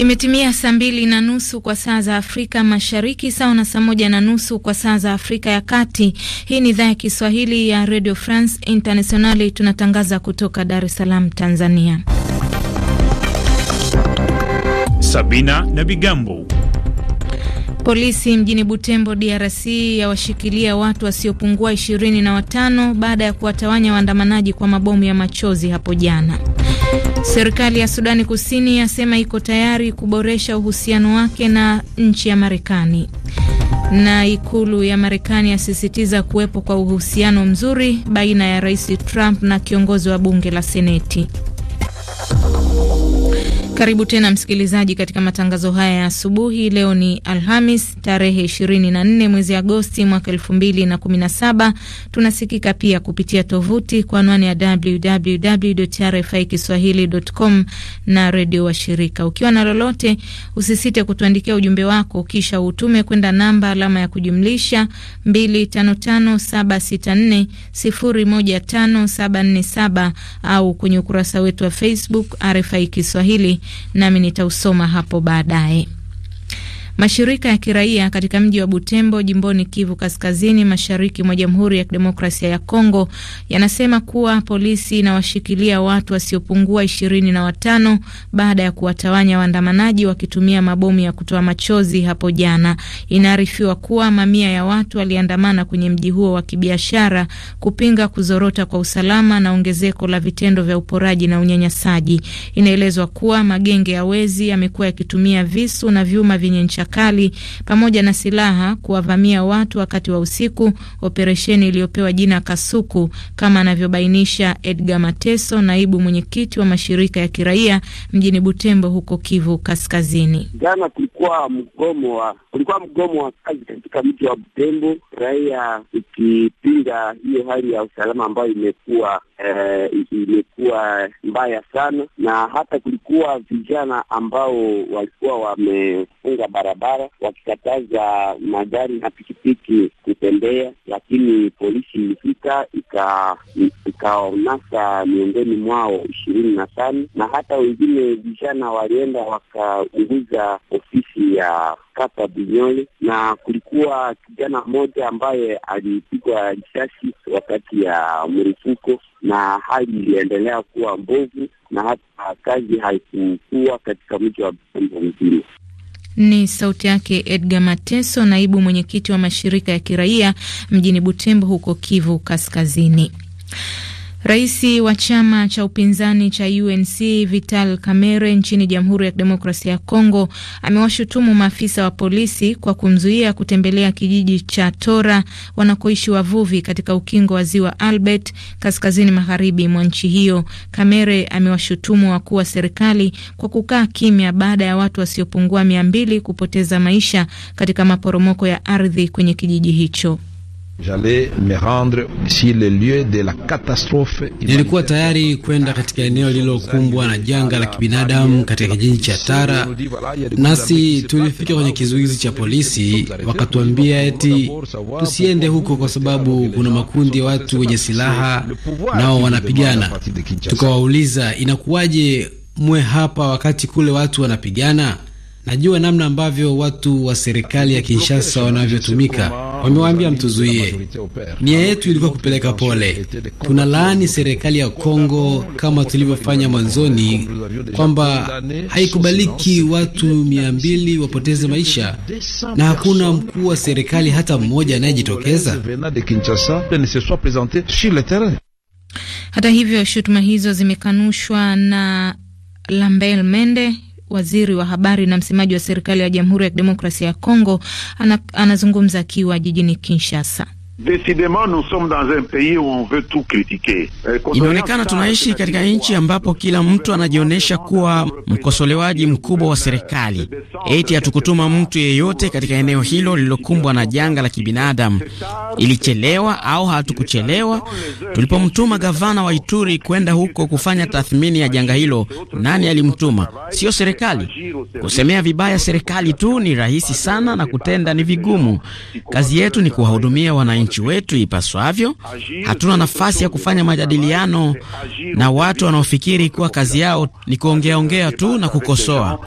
Imetimia saa mbili na nusu kwa saa za Afrika Mashariki, sawa na saa moja na nusu kwa saa za Afrika ya Kati. Hii ni idhaa ya Kiswahili ya Radio France Internationali, tunatangaza kutoka Dar es Salaam, Tanzania. Sabina na Bigambo. Polisi mjini Butembo, DRC yawashikilia watu wasiopungua ishirini na watano baada ya kuwatawanya waandamanaji kwa mabomu ya machozi hapo jana. Serikali ya Sudani Kusini yasema iko tayari kuboresha uhusiano wake na nchi ya Marekani. Na ikulu ya Marekani yasisitiza kuwepo kwa uhusiano mzuri baina ya Rais Trump na kiongozi wa bunge la Seneti. Karibu tena msikilizaji, katika matangazo haya ya asubuhi. Leo ni Alhamis tarehe 24 mwezi Agosti mwaka 2017. Tunasikika pia kupitia tovuti kwa anwani ya www RFI kiswahilicom na redio wa shirika Ukiwa na lolote, usisite kutuandikia ujumbe wako, kisha utume kwenda namba alama ya kujumlisha 255764015747 au kwenye ukurasa wetu wa Facebook RFI Kiswahili nami nitausoma hapo baadaye. Mashirika ya kiraia katika mji wa Butembo jimboni Kivu Kaskazini mashariki mwa Jamhuri ya Kidemokrasia ya Kongo yanasema kuwa polisi inawashikilia watu wasiopungua ishirini na watano baada ya kuwatawanya waandamanaji wakitumia mabomu ya kutoa machozi hapo jana. Inaarifiwa kuwa mamia ya watu waliandamana kwenye mji huo wa kibiashara kupinga kuzorota kwa usalama na ongezeko la vitendo vya uporaji na unyanyasaji. Inaelezwa kuwa magenge ya wezi yamekuwa yakitumia visu na vyuma vyenye ncha kali pamoja na silaha kuwavamia watu wakati wa usiku, operesheni iliyopewa jina Kasuku, kama anavyobainisha Edgar Mateso, naibu mwenyekiti wa mashirika ya kiraia mjini Butembo huko Kivu Kaskazini. Jana kulikuwa mgomo wa kulikuwa mgomo wa kazi katika mji wa Butembo, raia ikipinga hiyo hali ya usalama ambayo imekuwa eh, imekuwa mbaya sana, na hata kulikuwa vijana ambao walikuwa wame wanafunga barabara wakikataza magari na pikipiki kutembea, lakini polisi ilifika ikaonasa miongoni mwao ishirini na tano na hata wengine vijana walienda wakaunguza ofisi ya kata Binyole, na kulikuwa kijana mmoja ambaye alipigwa risasi wakati ya mrufuko na hali iliendelea kuwa mbovu na hata kazi haikukuwa katika mji wa Butembo mzima. Ni sauti yake Edgar Mateso, naibu mwenyekiti wa mashirika ya kiraia mjini Butembo huko Kivu Kaskazini. Rais wa chama cha upinzani cha UNC Vital Kamerhe nchini Jamhuri ya Kidemokrasia ya Kongo amewashutumu maafisa wa polisi kwa kumzuia kutembelea kijiji cha Tora wanakoishi wavuvi katika ukingo wa Ziwa Albert kaskazini magharibi mwa nchi hiyo. Kamerhe amewashutumu wakuu wa serikali kwa kukaa kimya baada ya watu wasiopungua mia mbili kupoteza maisha katika maporomoko ya ardhi kwenye kijiji hicho. Nilikuwa tayari kwenda katika eneo lililokumbwa na janga la kibinadamu katika kijiji cha Tara, nasi tulifika kwenye kizuizi cha polisi, wakatuambia eti tusiende huko kwa sababu kuna makundi ya watu wenye silaha nao wanapigana. Tukawauliza, inakuwaje mwe hapa wakati kule watu wanapigana? Najua namna ambavyo watu wa serikali ya Kinshasa wanavyotumika Wamewaambia mtuzuie. Nia yetu ilikuwa kupeleka pole. laani serikali ya Kongo kama tulivyofanya mwanzoni, kwamba haikubaliki watu mia mbili wapoteze maisha na hakuna mkuu wa serikali hata mmoja anayejitokeza. Hata hivyo, shutuma hizo zimekanushwa na lambel Mende, waziri wa habari na msemaji wa serikali ya Jamhuri ya Kidemokrasia ya Kongo anazungumza akiwa jijini Kinshasa. Desidema, nous sommes dans un pays où on veut tout critiquer. Euh, Inaonekana tunaishi katika nchi ambapo kila mtu anajionyesha kuwa mkosolewaji mkubwa wa serikali. Eti hatukutuma mtu yeyote katika eneo hilo lililokumbwa na janga la kibinadamu. Ilichelewa au hatukuchelewa, tulipomtuma gavana wa Ituri kwenda huko kufanya tathmini ya janga hilo, nani alimtuma? Sio serikali. Kusemea vibaya serikali tu ni rahisi sana na kutenda ni vigumu. Kazi yetu ni kuwahudumia wananchi wananchi wetu ipaswavyo. Hatuna nafasi ya kufanya majadiliano na watu wanaofikiri kuwa kazi yao ni kuongeaongea tu na kukosoa.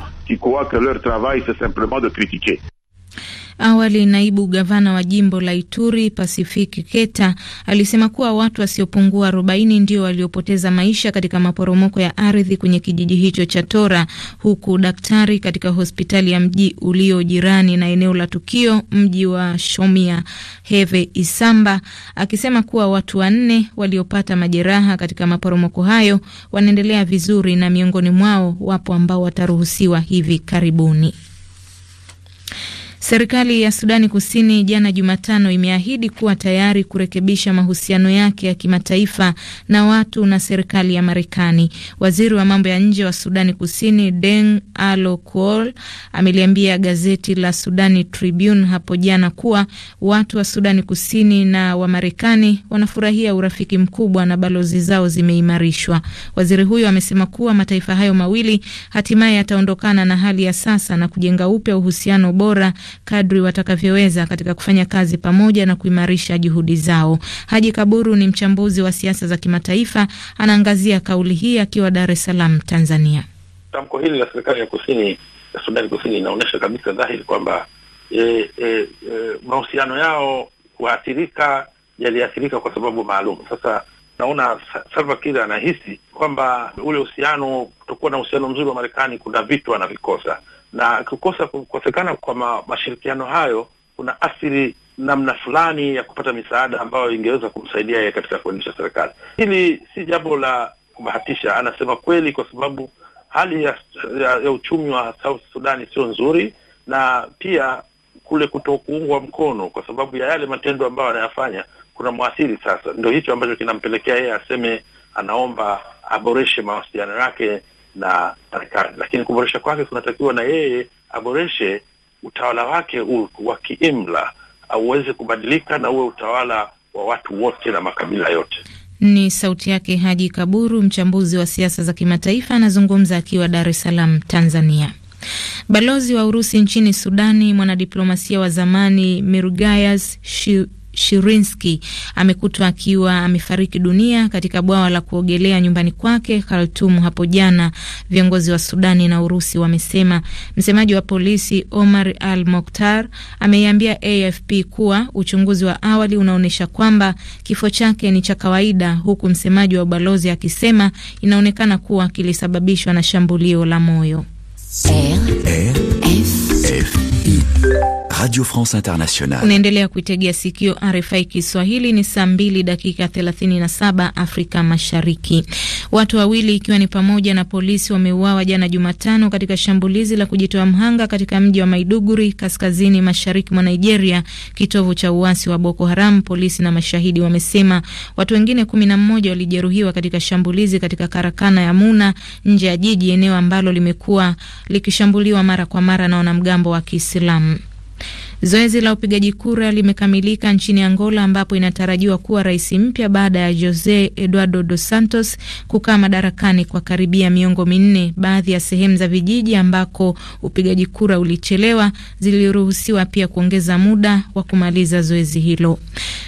Awali naibu gavana wa jimbo la Ituri Pacific Keta alisema kuwa watu wasiopungua 40 ndio waliopoteza maisha katika maporomoko ya ardhi kwenye kijiji hicho cha Tora, huku daktari katika hospitali ya mji ulio jirani na eneo la tukio, mji wa Shomia Heve Isamba, akisema kuwa watu wanne waliopata majeraha katika maporomoko hayo wanaendelea vizuri na miongoni mwao wapo ambao wataruhusiwa hivi karibuni. Serikali ya Sudani Kusini jana Jumatano imeahidi kuwa tayari kurekebisha mahusiano yake ya kimataifa na watu na serikali ya Marekani. Waziri wa mambo ya nje wa Sudani Kusini Deng Alo Kuol ameliambia gazeti la Sudani Tribune hapo jana kuwa watu wa Sudani Kusini na wa Marekani wanafurahia urafiki mkubwa na balozi zao zimeimarishwa. Waziri huyo amesema kuwa mataifa hayo mawili hatimaye yataondokana na hali ya sasa na kujenga upya uhusiano bora kadri watakavyoweza katika kufanya kazi pamoja na kuimarisha juhudi zao. Haji Kaburu ni mchambuzi wa siasa za kimataifa, anaangazia kauli hii akiwa Dar es Salaam, Tanzania. Tamko hili la serikali ya kusini ya Sudani Kusini inaonyesha kabisa dhahiri kwamba e, e, e, mahusiano yao kuathirika yaliathirika kwa sababu maalum. Sasa naona Salva Kiir anahisi kwamba ule uhusiano, kutokuwa na uhusiano mzuri wa Marekani, kuna vitu anavikosa na kukosa kukosekana kwa ma, mashirikiano hayo kuna athiri namna fulani ya kupata misaada ambayo ingeweza kumsaidia yeye katika kuendesha serikali. Hili si jambo la kubahatisha, anasema kweli, kwa sababu hali ya, ya, ya uchumi wa South Sudani sio nzuri, na pia kule kuto kuungwa mkono kwa sababu ya yale matendo ambayo anayafanya kuna mwathiri sasa. Ndio hicho ambacho kinampelekea yeye aseme anaomba aboreshe mawasiliano yake na Marekani, lakini kuboresha kwake kunatakiwa na yeye aboreshe utawala wake wa kiimla auweze kubadilika na uwe utawala wa watu wote na makabila yote. Ni sauti yake Haji Kaburu, mchambuzi wa siasa za kimataifa, anazungumza akiwa Dar es Salaam, Tanzania. Balozi wa Urusi nchini Sudani, mwanadiplomasia wa zamani Mirugayas Shirinski amekutwa akiwa amefariki dunia katika bwawa la kuogelea nyumbani kwake Khartoum hapo jana, viongozi wa Sudani na Urusi wamesema. Msemaji wa polisi Omar Al Mokhtar ameiambia AFP kuwa uchunguzi wa awali unaonyesha kwamba kifo chake ni cha kawaida, huku msemaji wa ubalozi akisema inaonekana kuwa kilisababishwa na shambulio la moyo. RFI Radio France Internationale. Unaendelea kuitegea sikio RFI Kiswahili. Ni saa 2 dakika 37 Afrika Mashariki. Watu wawili ikiwa ni pamoja na polisi wameuawa jana Jumatano katika shambulizi la kujitoa mhanga katika mji wa Maiduguri, kaskazini mashariki mwa Nigeria, kitovu cha uasi wa Boko Haram. Polisi na mashahidi wamesema watu wengine 11 walijeruhiwa katika shambulizi katika karakana ya Muna nje ya jiji, eneo ambalo limekuwa likishambuliwa mara kwa mara na wanamgambo wa Kiislamu. Zoezi la upigaji kura limekamilika nchini Angola, ambapo inatarajiwa kuwa rais mpya baada ya Jose Eduardo Dos Santos kukaa madarakani kwa karibia miongo minne. Baadhi ya sehemu za vijiji ambako upigaji kura ulichelewa ziliruhusiwa pia kuongeza muda wa kumaliza zoezi hilo.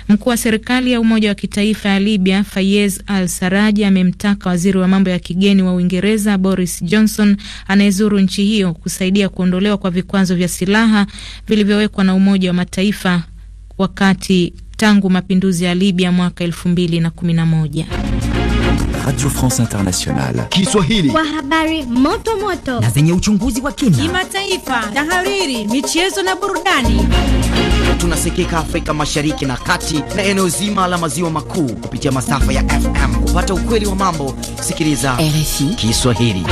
Mkuu wa serikali ya Umoja wa Kitaifa ya Libya Fayez Al Saraji amemtaka waziri wa mambo ya kigeni wa Uingereza Boris Johnson anayezuru nchi hiyo kusaidia kuondolewa kwa vikwazo vya silaha vilivyowekwa kuwekwa na Umoja wa Mataifa wakati tangu mapinduzi ya Libya mwaka 2011. Radio France Internationale Kiswahili, kwa habari moto moto na zenye uchunguzi wa kina, kimataifa, tahariri, michezo na burudani. Tunasikika Afrika Mashariki na Kati na eneo zima la maziwa makuu kupitia masafa ya FM. Kupata ukweli wa mambo, sikiliza RFI Kiswahili.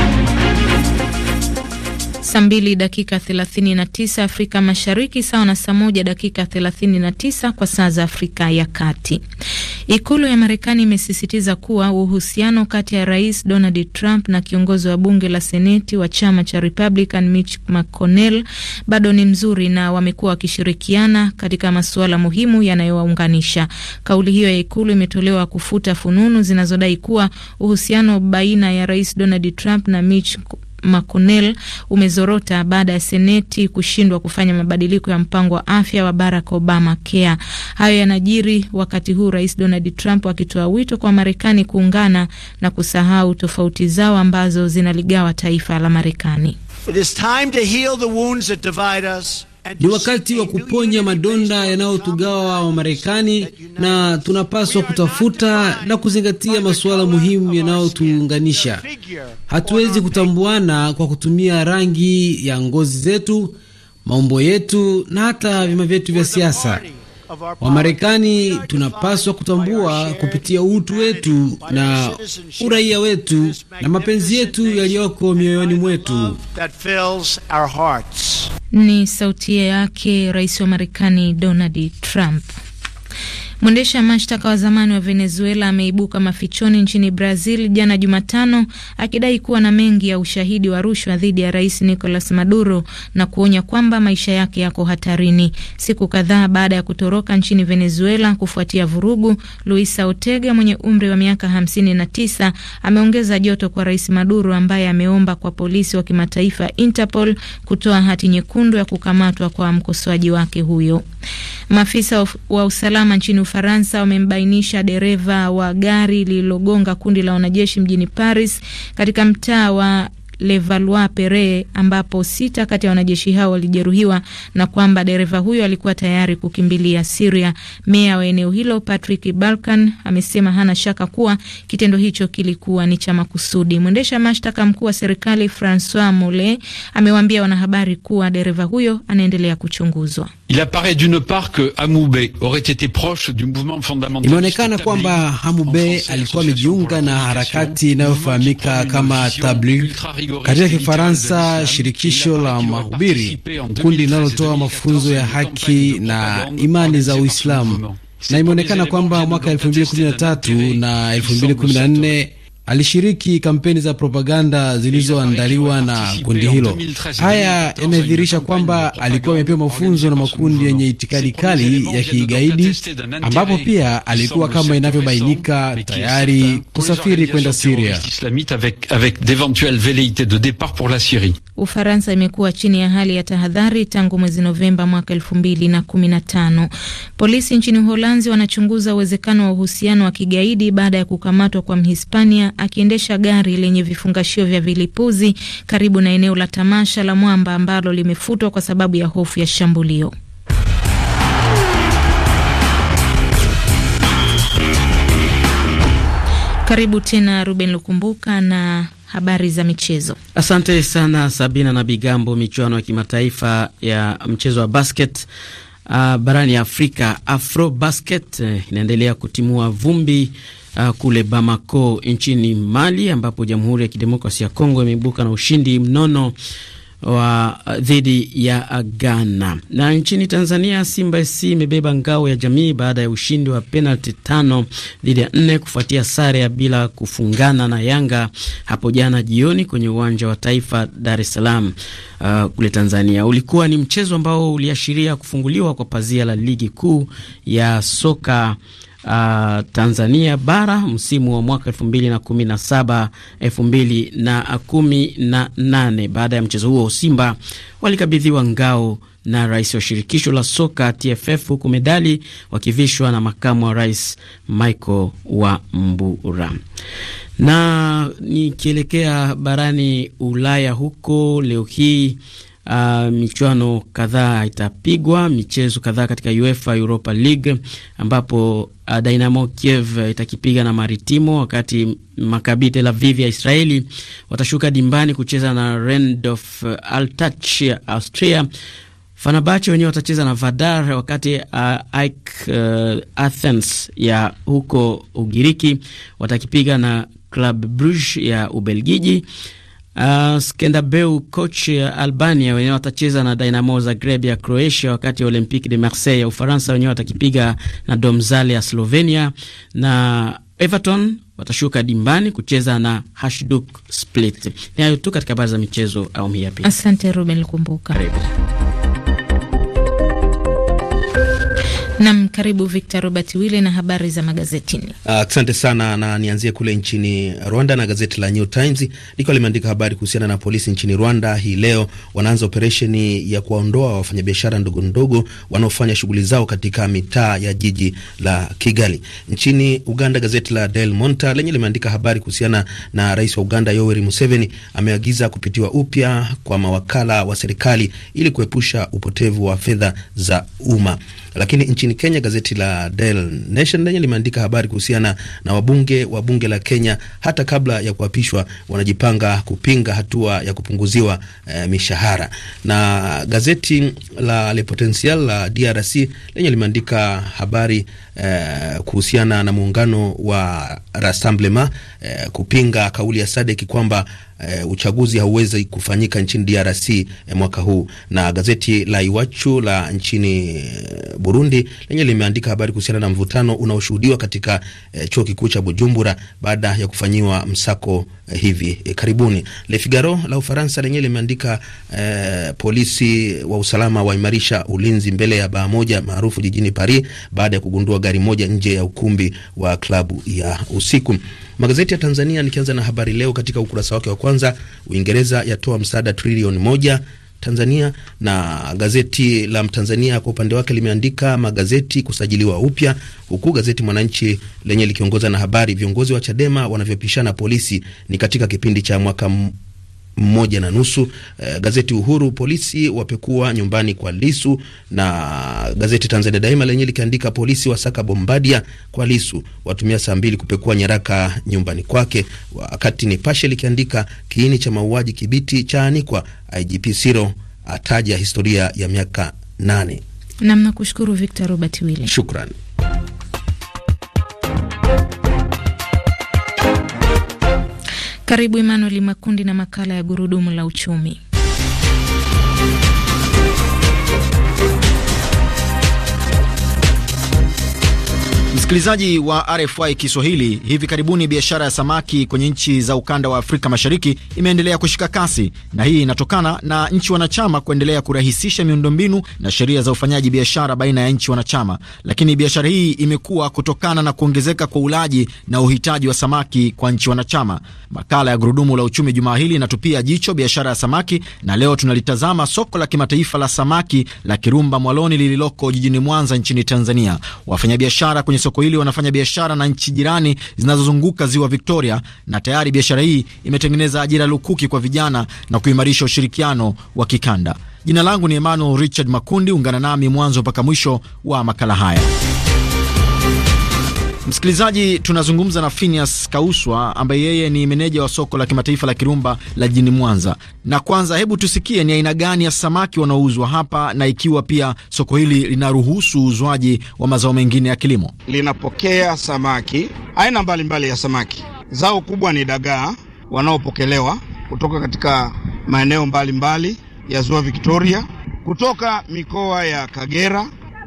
Saa mbili dakika thelathini na tisa Afrika Mashariki, sawa na saa moja dakika thelathini na tisa kwa saa za Afrika ya Kati. Ikulu ya Marekani imesisitiza kuwa uhusiano kati ya Rais Donald Trump na kiongozi wa bunge la seneti wa chama cha Republican Mitch McConnell bado ni mzuri na wamekuwa wakishirikiana katika masuala muhimu yanayowaunganisha. Kauli hiyo ya Ikulu imetolewa kufuta fununu zinazodai kuwa uhusiano baina ya Rais Donald Trump na Mitch McConnell umezorota baada ya Seneti kushindwa kufanya mabadiliko ya mpango wa afya wa Barack Obama Care. Hayo yanajiri wakati huu Rais Donald Trump akitoa wito kwa Marekani kuungana na kusahau tofauti zao ambazo zinaligawa taifa la Marekani. It is time to heal the wounds that divide us. Ni wakati wa kuponya madonda yanayotugawa wa Marekani, na tunapaswa kutafuta na kuzingatia masuala muhimu yanayotuunganisha. Hatuwezi kutambuana kwa kutumia rangi ya ngozi zetu, maumbo yetu, na hata vyama vyetu vya siasa. Wamarekani tunapaswa kutambua kupitia utu wetu na uraia wetu na mapenzi yetu yaliyoko mioyoni mwetu. Ni sauti yake Rais wa Marekani Donald Trump. Mwendesha mashtaka wa zamani wa Venezuela ameibuka mafichoni nchini Brazil jana Jumatano akidai kuwa na mengi ya ushahidi wa rushwa dhidi ya rais Nicolas Maduro na kuonya kwamba maisha yake yako hatarini. Siku kadhaa baada ya kutoroka nchini Venezuela kufuatia vurugu, Luisa otega mwenye umri wa miaka 59 ameongeza joto kwa rais Maduro ambaye ameomba kwa polisi wa kimataifa Interpol kutoa hati nyekundu ya kukamatwa kwa mkosoaji wake huyo. Maafisa wa usalama nchini Ufaransa wamembainisha dereva wa gari lililogonga kundi la wanajeshi mjini Paris katika mtaa wa Levalois pere ambapo sita kati ya wanajeshi hao walijeruhiwa na kwamba dereva huyo alikuwa tayari kukimbilia siria Meya wa eneo hilo Patrick Balkan amesema hana shaka kuwa kitendo hicho kilikuwa ni cha makusudi. Mwendesha mashtaka mkuu wa serikali Francois Mole amewaambia wanahabari kuwa dereva huyo anaendelea kuchunguzwa. Il imeonekana kwamba Hamube alikuwa amejiunga na harakati inayofahamika kama Tabligh katika Kifaransa, shirikisho la mahubiri, kundi linalotoa mafunzo ya haki na imani za Uislamu, na imeonekana kwamba mwaka 2013 na 2014 alishiriki kampeni za propaganda zilizoandaliwa na kundi hilo. Haya yamedhihirisha kwamba alikuwa amepewa mafunzo na makundi yenye itikadi kali ya kigaidi, ambapo pia alikuwa kama inavyobainika tayari kusafiri kwenda Siria. Ufaransa imekuwa chini ya hali ya tahadhari tangu mwezi Novemba mwaka elfu mbili na tano Polisi nchini Uholanzi wanachunguza uwezekano wa uhusiano wa kigaidi baada ya kukamatwa kwa Mhispania akiendesha gari lenye vifungashio vya vilipuzi karibu na eneo la tamasha la mwamba ambalo limefutwa kwa sababu ya hofu ya shambulio. Karibu tena Ruben Lukumbuka na habari za michezo. Asante sana Sabina na Bigambo. Michuano ya kimataifa ya mchezo wa basket uh, barani Afrika, Afro Basket uh, inaendelea kutimua vumbi uh, kule Bamako nchini Mali, ambapo Jamhuri ya Kidemokrasia ya Kongo imeibuka na ushindi mnono wa ah, dhidi ya ah, Ghana. Na nchini Tanzania, Simba SC imebeba ngao ya jamii baada ya ushindi wa penalti tano dhidi ya nne kufuatia sare ya bila kufungana na Yanga hapo jana jioni kwenye uwanja wa Taifa, Dar es Salaam, uh, kule Tanzania. Ulikuwa ni mchezo ambao uliashiria kufunguliwa kwa pazia la ligi kuu ya soka uh, Tanzania bara msimu wa mwaka 2017 2018. Baada ya mchezo huo, Simba walikabidhiwa ngao na rais wa shirikisho la soka TFF, huku medali wakivishwa na makamu wa rais Michael wa Mbura. Na nikielekea barani Ulaya huko leo hii Uh, michuano kadhaa itapigwa, michezo kadhaa katika UEFA Europa League ambapo uh, ah, Dynamo Kiev itakipiga na Maritimo, wakati Maccabi Tel Aviv ya Israeli watashuka dimbani kucheza na Randolph ah, Altach ya Austria. Fenerbahce wenyewe watacheza na Vardar, wakati uh, AEK uh, Athens ya huko Ugiriki watakipiga na Club Brugge ya Ubelgiji. Uh, Skendabeu, coach ya uh, Albania, wenyewe watacheza na Dinamo Zagreb ya Croatia, wakati ya Olympique de Marseille ya Ufaransa wenyewe watakipiga na Domzale ya Slovenia, na Everton watashuka dimbani kucheza na Hajduk Split. Ni hayo tu katika habari za michezo awamu hii ya pili. Asante Ruben kumbuka. Karibu. Nam, karibu Victor Robert Wille na habari za magazetini. Asante uh, sana na nianzie kule nchini Rwanda na gazeti la New Times likiwa limeandika habari kuhusiana na polisi nchini Rwanda hii leo wanaanza operesheni ya kuwaondoa wafanyabiashara ndogo ndogo wanaofanya shughuli zao katika mitaa ya jiji la Kigali. Nchini Uganda, gazeti la Del Monta lenye limeandika habari kuhusiana na rais wa Uganda Yoweri Museveni ameagiza kupitiwa upya kwa mawakala wa serikali ili kuepusha upotevu wa fedha za umma. Lakini nchini Kenya gazeti la Daily Nation lenye limeandika habari kuhusiana na wabunge wa bunge la Kenya, hata kabla ya kuapishwa wanajipanga kupinga hatua ya kupunguziwa eh, mishahara. Na gazeti la Le Potentiel la DRC lenye limeandika habari eh, kuhusiana na muungano wa Rassemblement eh, kupinga kauli ya Sadeki kwamba eh, uchaguzi hauwezi kufanyika nchini DRC eh, mwaka huu. Na gazeti la Iwachu la nchini eh, Burundi lenye limeandika habari kuhusiana na mvutano unaoshuhudiwa katika eh, chuo kikuu cha Bujumbura baada ya kufanyiwa msako eh, hivi eh, karibuni. Le Figaro la Ufaransa lenye limeandika eh, polisi wa usalama waimarisha ulinzi mbele ya baa moja maarufu jijini Paris baada ya kugundua gari moja nje ya ukumbi wa klabu ya usiku. Magazeti ya Tanzania, nikianza na Habari Leo katika ukurasa wake wa kwanza, Uingereza yatoa msaada trilioni moja Tanzania na gazeti la Mtanzania kwa upande wake limeandika magazeti kusajiliwa upya, huku gazeti Mwananchi lenye likiongoza na habari viongozi wa Chadema wanavyopishana polisi ni katika kipindi cha mwaka moja na nusu. Eh, gazeti Uhuru, polisi wapekua nyumbani kwa Lisu, na gazeti Tanzania Daima lenye likiandika polisi wasaka Bombadia kwa Lisu, watumia saa mbili kupekua nyaraka nyumbani kwake, wakati Nipashe likiandika kiini cha mauaji Kibiti chaanikwa, IGP Siro ataja historia ya miaka nane. Namna kushukuru Victor Robert Wile, shukran. Karibu Emmanuel Makundi na makala ya gurudumu la uchumi. Msikilizaji wa RFI Kiswahili, hivi karibuni biashara ya samaki kwenye nchi za ukanda wa Afrika Mashariki imeendelea kushika kasi, na hii inatokana na nchi wanachama kuendelea kurahisisha miundombinu na sheria za ufanyaji biashara baina ya nchi wanachama. Lakini biashara hii imekuwa kutokana na kuongezeka kwa ulaji na uhitaji wa samaki kwa nchi wanachama. Makala ya Gurudumu la Uchumi jumaa hili inatupia jicho biashara ya samaki, na leo tunalitazama soko la kimataifa la samaki la Kirumba Mwaloni lililoko jijini Mwanza nchini Tanzania. Wafanyabiashara kwenye soko soko hili wanafanya biashara na nchi jirani zinazozunguka ziwa Victoria, na tayari biashara hii imetengeneza ajira lukuki kwa vijana na kuimarisha ushirikiano wa kikanda. Jina langu ni Emmanuel Richard Makundi, ungana nami mwanzo mpaka mwisho wa makala haya. Msikilizaji, tunazungumza na Phineas Kauswa ambaye yeye ni meneja wa soko la kimataifa la Kirumba la jijini Mwanza. Na kwanza, hebu tusikie ni aina gani ya samaki wanaouzwa hapa na ikiwa pia soko hili linaruhusu uuzwaji wa mazao mengine ya kilimo. Linapokea samaki aina mbalimbali mbali ya samaki. Zao kubwa ni dagaa wanaopokelewa kutoka katika maeneo mbalimbali mbali ya Ziwa Victoria, kutoka mikoa ya Kagera,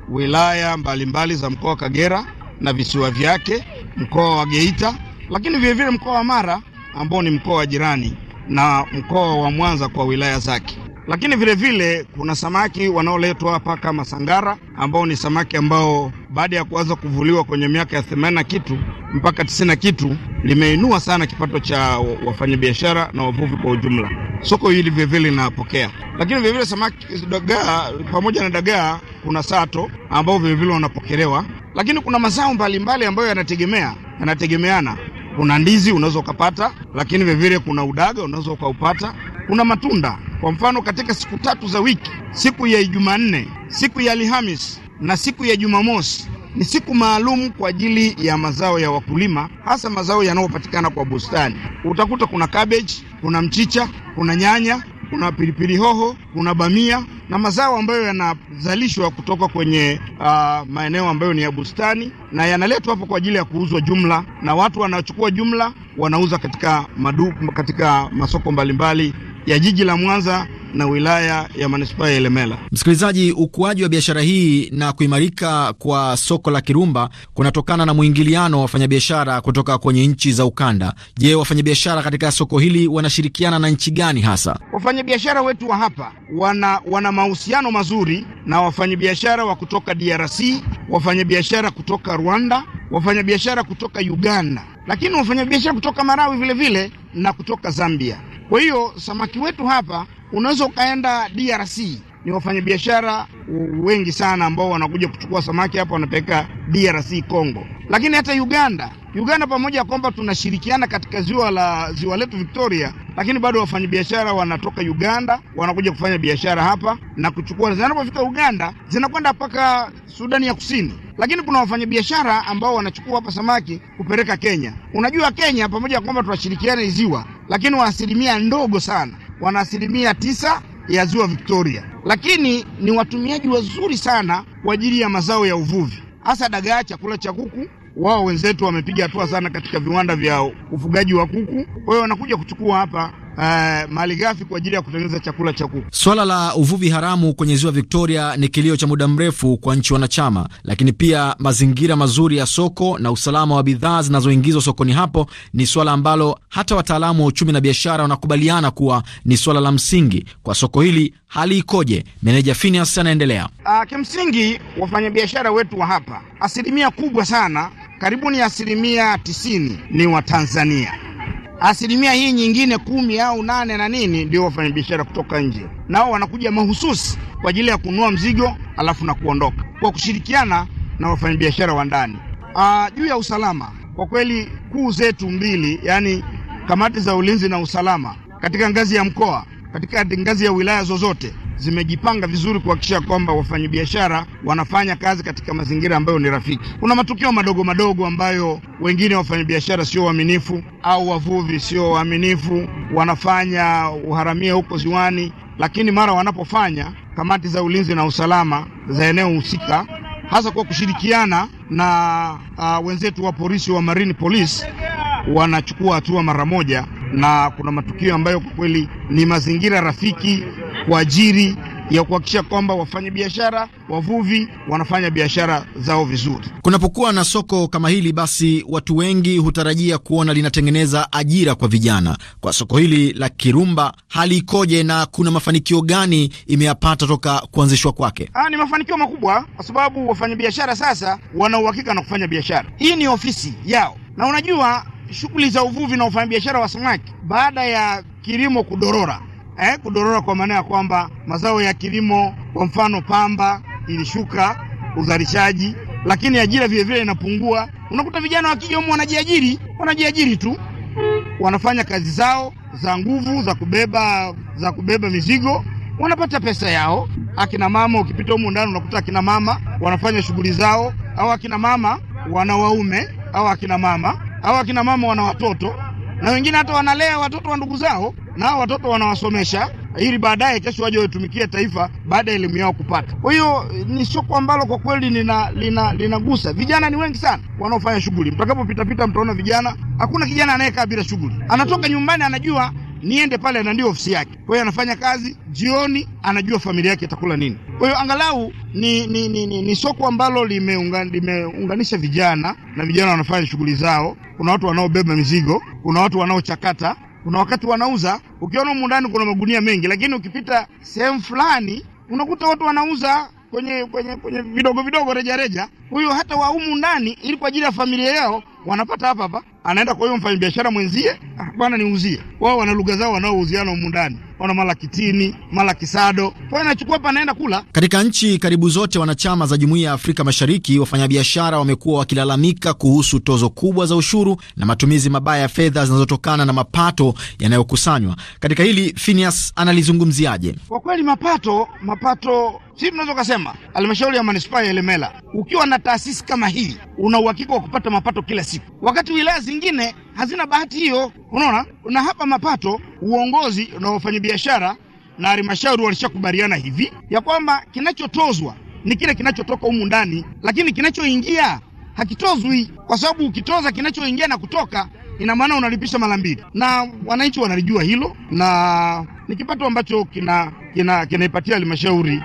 wilaya mbalimbali mbali za mkoa wa Kagera na visiwa vyake, mkoa wa Geita, lakini vilevile mkoa wa Mara ambao ni mkoa wa jirani na mkoa wa Mwanza kwa wilaya zake. Lakini vilevile vile, kuna samaki wanaoletwa hapa kama sangara ambao ni samaki ambao baada ya kuanza kuvuliwa kwenye miaka ya themanini na kitu mpaka tisini na kitu limeinua sana kipato cha wafanyabiashara na wavuvi kwa ujumla. Soko hili vilevile linapokea, lakini vile samaki dagaa pamoja na dagaa, kuna sato ambao vilevile wanapokelewa lakini kuna mazao mbalimbali ambayo yanategemea yanategemeana. Kuna ndizi unaweza ukapata, lakini vilevile kuna udaga unaweza ukaupata. Kuna matunda, kwa mfano katika siku tatu za wiki, siku ya Jumanne, siku ya Alhamis na siku ya Jumamosi ni siku maalum kwa ajili ya mazao ya wakulima, hasa mazao yanayopatikana kwa bustani. Utakuta kuna cabbage, kuna mchicha, kuna nyanya kuna pilipili hoho, kuna bamia na mazao ambayo yanazalishwa kutoka kwenye uh, maeneo ambayo ni ya bustani na yanaletwa hapo kwa ajili ya kuuzwa jumla, na watu wanachukua jumla wanauza katika madu, katika masoko mbalimbali ya jiji la Mwanza na wilaya ya manispaa ya Ilemela. Msikilizaji, ukuaji wa biashara hii na kuimarika kwa soko la Kirumba kunatokana na mwingiliano wa wafanyabiashara kutoka kwenye nchi za ukanda. Je, wafanyabiashara katika soko hili wanashirikiana na nchi gani hasa? Wafanyabiashara wetu wa hapa wana, wana mahusiano mazuri na wafanyabiashara wa kutoka DRC, wafanyabiashara kutoka Rwanda, wafanyabiashara kutoka Uganda, lakini wafanyabiashara kutoka marawi vilevile na kutoka Zambia. Kwa hiyo samaki wetu hapa Unaweza ukaenda DRC, ni wafanyabiashara wengi sana ambao wanakuja kuchukua samaki hapa wanapeleka DRC Congo. Lakini hata Uganda, Uganda pamoja ya kwamba tunashirikiana katika ziwa la ziwa letu Victoria, lakini bado wafanyabiashara wanatoka Uganda wanakuja kufanya biashara hapa na kuchukua, zinapofika Uganda zinakwenda mpaka Sudani ya Kusini. Lakini kuna wafanyabiashara ambao wanachukua hapa samaki kupeleka Kenya. Unajua Kenya pamoja ya kwamba tunashirikiana ziwa, lakini wa asilimia ndogo sana wana asilimia tisa ya ziwa Victoria, lakini ni watumiaji wazuri sana kwa ajili ya mazao ya uvuvi, hasa dagaa, chakula cha kuku. Wao wenzetu wamepiga hatua sana katika viwanda vya ufugaji wa kuku, kwa hiyo wanakuja kuchukua hapa Uh, eh, malighafi kwa ajili ya kutengeneza chakula cha kuku. Swala la uvuvi haramu kwenye ziwa Victoria ni kilio cha muda mrefu kwa nchi wanachama, lakini pia mazingira mazuri ya soko na usalama wa bidhaa zinazoingizwa sokoni hapo ni swala ambalo hata wataalamu wa uchumi na biashara wanakubaliana kuwa ni swala la msingi kwa soko hili. Hali ikoje? Meneja Phineas anaendelea. Uh, kimsingi wafanyabiashara wetu wa hapa asilimia kubwa sana, karibu ni asilimia tisini ni Watanzania asilimia hii nyingine kumi au nane na nini ndio wafanyabiashara kutoka nje, nao wanakuja mahususi kwa ajili ya kununua mzigo alafu na kuondoka, kwa kushirikiana na wafanyabiashara wa ndani. Ah, juu ya usalama, kwa kweli kuu zetu mbili, yani kamati za ulinzi na usalama katika ngazi ya mkoa, katika ngazi ya wilaya zozote zimejipanga vizuri kuhakikisha kwamba wafanyabiashara wanafanya kazi katika mazingira ambayo ni rafiki. Kuna matukio madogo madogo ambayo wengine wafanyabiashara sio waaminifu au wavuvi sio waaminifu, wanafanya uharamia huko ziwani, lakini mara wanapofanya, kamati za ulinzi na usalama za eneo husika hasa kwa kushirikiana na uh, wenzetu wa polisi wa Marine Police wanachukua hatua mara moja, na kuna matukio ambayo kwa kweli ni mazingira rafiki waajiri ya kuhakikisha kwamba wafanyabiashara wavuvi wanafanya biashara zao vizuri. Kunapokuwa na soko kama hili, basi watu wengi hutarajia kuona linatengeneza ajira kwa vijana. Kwa soko hili la Kirumba, hali ikoje na kuna mafanikio gani imeyapata toka kuanzishwa kwake? Ah, ni mafanikio makubwa kwa sababu wafanyabiashara sasa wana uhakika na kufanya biashara. Hii ni ofisi yao, na unajua shughuli za uvuvi na ufanyabiashara wa samaki baada ya kilimo kudorora eh, kudorora kwa maana ya kwamba mazao ya kilimo kwa mfano pamba ilishuka uzalishaji, lakini ajira vilevile inapungua. Unakuta vijana wakija humu wanajiajiri, wanajiajiri tu, wanafanya kazi zao za nguvu za kubeba za kubeba mizigo, wanapata pesa yao. Akina mama ukipita humu ndani unakuta akina mama wanafanya shughuli zao, au akina mama wana waume, au akina mama au akina mama wana watoto, na wengine hata wanalea watoto wa ndugu zao nao watoto wanawasomesha ili baadaye kesho waje watumikie taifa baada ya elimu yao kupata. Kwa hiyo ni soko ambalo kwa kweli lina linagusa vijana, ni wengi sana wanaofanya shughuli. Mtakapopitapita mtaona vijana, hakuna kijana anayekaa bila shughuli. Anatoka nyumbani anajua niende pale na ndio ofisi yake. Kwa hiyo anafanya kazi jioni, anajua familia yake itakula nini. Kwa hiyo angalau ni, ni, ni, ni, ni soko ambalo limeunga, limeunganisha vijana na vijana wanafanya shughuli zao. Kuna watu wanaobeba mizigo, kuna watu wanaochakata kuna wakati wanauza, ukiona humu ndani kuna magunia mengi, lakini ukipita sehemu fulani unakuta watu wanauza kwenye kwenye kwenye vidogo vidogo reja reja, huyo hata wa humu ndani, ili kwa ajili ya familia yao wanapata hapa hapa, anaenda kwa huyo mfanyabiashara mwenzie, ah, bwana niuzie. Wao wana lugha zao wanaouziana humu ndani ona mara Kitini, mara Kisado, kwa anachukua hapa kula. Katika nchi karibu zote wanachama za Jumuiya ya Afrika Mashariki, wafanyabiashara wamekuwa wakilalamika kuhusu tozo kubwa za ushuru na matumizi mabaya ya fedha zinazotokana na mapato yanayokusanywa. Katika hili Phineas analizungumziaje? Kwa kweli mapato mapato si tunaweza kusema halmashauri ya manispaa ya Ilemela, ukiwa na taasisi kama hii una uhakika wa kupata mapato kila siku, wakati wilaya zingine hazina bahati hiyo. Unaona, na hapa mapato, uongozi na wafanyabiashara na halmashauri walishakubaliana hivi ya kwamba kinachotozwa ni kile kinachotoka humu ndani, lakini kinachoingia hakitozwi, kwa sababu ukitoza kinachoingia na kutoka ina maana unalipisha mara mbili, na wananchi wanalijua hilo, na ni kipato ambacho kinaipatia kina, kina halmashauri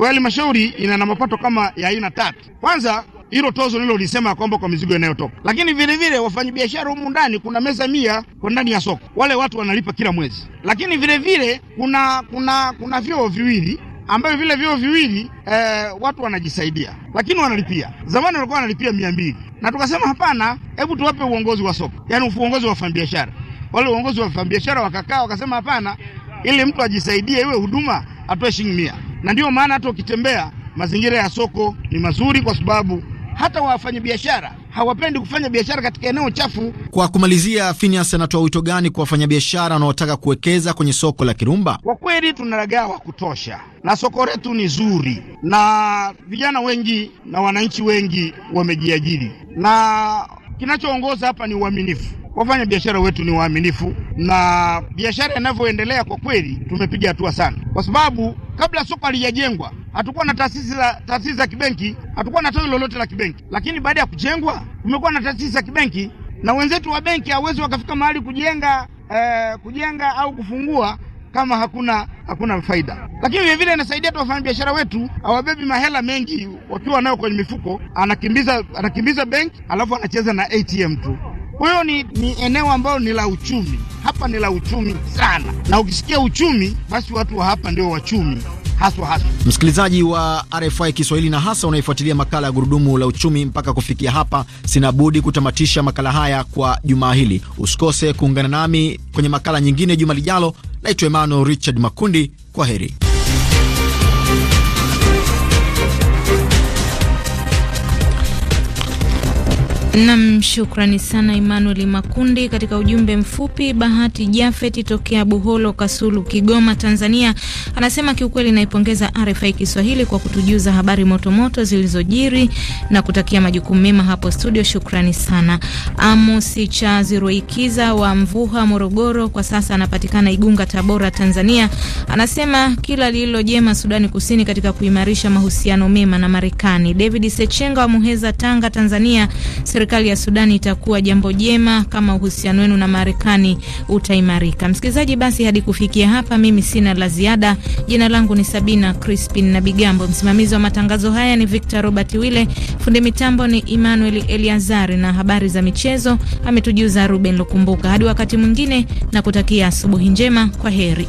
kwa hiyo halmashauri ina na mapato kama ya aina tatu. Kwanza hilo tozo nilo lisema kwamba kwa mizigo inayotoka, lakini vile vile wafanyabiashara humu ndani kuna meza mia kwa ndani ya soko, wale watu wanalipa kila mwezi, lakini vile vile kuna kuna kuna vyoo viwili ambayo vile vyoo viwili eh, watu wanajisaidia, lakini wanalipia. Zamani walikuwa wanalipia mia mbili na tukasema hapana, hebu tuwape uongozi wa soko, yani uongozi wa wafanyabiashara. Wale uongozi wa wafanyabiashara wakakaa wakasema hapana, ili mtu ajisaidie iwe huduma atoe shilingi mia na ndiyo maana hata ukitembea mazingira ya soko ni mazuri, kwa sababu hata wafanyabiashara hawapendi kufanya biashara katika eneo chafu. Kwa kumalizia, Phineas anatoa wito gani kwa wafanyabiashara wanaotaka kuwekeza kwenye soko la Kirumba? Kwa kweli tunalagaa wa kutosha, na soko letu ni zuri, na vijana wengi na wananchi wengi wamejiajiri, na kinachoongoza hapa ni uaminifu. Wafanya biashara wetu ni waaminifu, na biashara inavyoendelea, kwa kweli tumepiga hatua sana, kwa sababu kabla soko halijajengwa hatukuwa na taasisi za taasisi za kibenki, hatukuwa na tawi lolote la kibenki, lakini baada ya kujengwa kumekuwa na taasisi za kibenki, na wenzetu wa benki hawezi wakafika mahali kujenga eh, kujenga au kufungua kama hakuna hakuna faida. Lakini vilevile inasaidia tu wafanyabiashara wetu hawabebi mahela mengi wakiwa nayo kwenye mifuko, anakimbiza anakimbiza benki, alafu anacheza na ATM tu. Kwa hiyo ni, ni eneo ambalo ni la uchumi, hapa ni la uchumi sana, na ukisikia uchumi, basi watu wa hapa ndio wachumi. Haswa haswa. Msikilizaji wa RFI Kiswahili na hasa unaefuatilia makala ya gurudumu la uchumi mpaka kufikia hapa, sina budi kutamatisha makala haya kwa jumaa hili. Usikose kuungana nami kwenye makala nyingine juma lijalo. Naitwa Emmanuel Richard Makundi, kwa heri. Nam, shukrani sana Emmanuel Makundi. Katika ujumbe mfupi, Bahati Jafeti tokea Buholo, Kasulu, Kigoma, Tanzania, anasema kiukweli, naipongeza RFI Kiswahili kwa kutujuza habari motomoto zilizojiri na kutakia majukumu mema hapo studio. Shukrani sana. Amos Chaziroikiza wa Mvuha, Morogoro, kwa sasa anapatikana Igunga, Tabora, Tanzania, anasema kila lililojema Sudani Kusini katika kuimarisha mahusiano mema na Marekani. David Sechenga wa Muheza, Tanga, Tanzania serikali ya Sudani itakuwa jambo jema kama uhusiano wenu na Marekani utaimarika. Msikilizaji, basi hadi kufikia hapa, mimi sina la ziada. Jina langu ni Sabina Crispin na Bigambo, msimamizi wa matangazo haya ni Victor Robert Wile, fundi mitambo ni Emmanuel Eliazari, na habari za michezo ametujuza Ruben Lukumbuka. Hadi wakati mwingine, na kutakia asubuhi njema, kwa heri.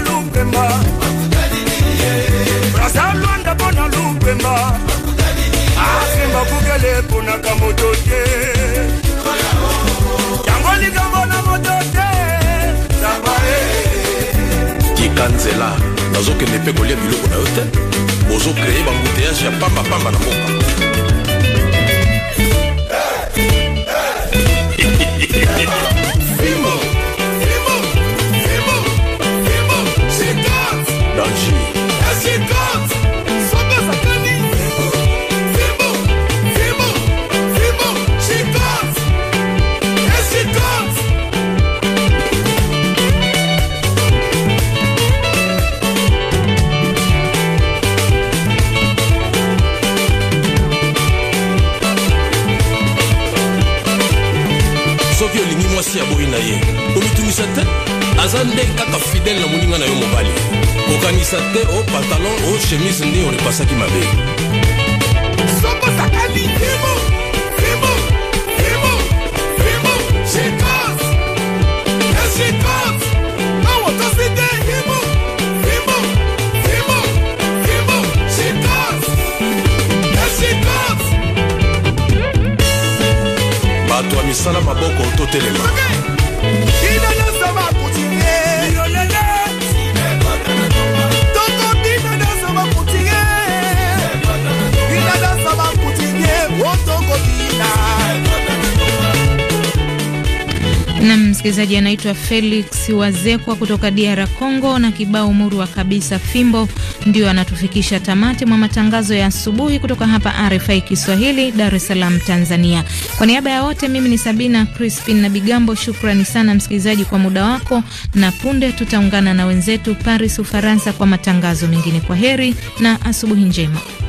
mpona lupemba braza lwanda mpona lupemba asemba bukele mponaka moto te yango likambo na moto te zabae eh. tika nzela nazokende mpe kolia biloko na yo te bozokreye bambuteyage ya pambapamba na mboka mwasi aboyi na ye komitungisa te aza nde kaka fidele na moninga na yo mobali kokangisa te o oh pantalon o oh chemise nde orepasaki mabe sokosakali yemo tosala maboko totelema na msikilizaji anaitwa Felix Wazekwa kutoka DR Congo, na kibao murwa kabisa fimbo ndio anatufikisha tamati mwa matangazo ya asubuhi kutoka hapa RFI Kiswahili, Dar es Salaam, Tanzania. Kwa niaba ya wote, mimi ni Sabina Crispin na Bigambo. Shukrani sana msikilizaji kwa muda wako, na punde tutaungana na wenzetu Paris, Ufaransa, kwa matangazo mengine. Kwa heri na asubuhi njema.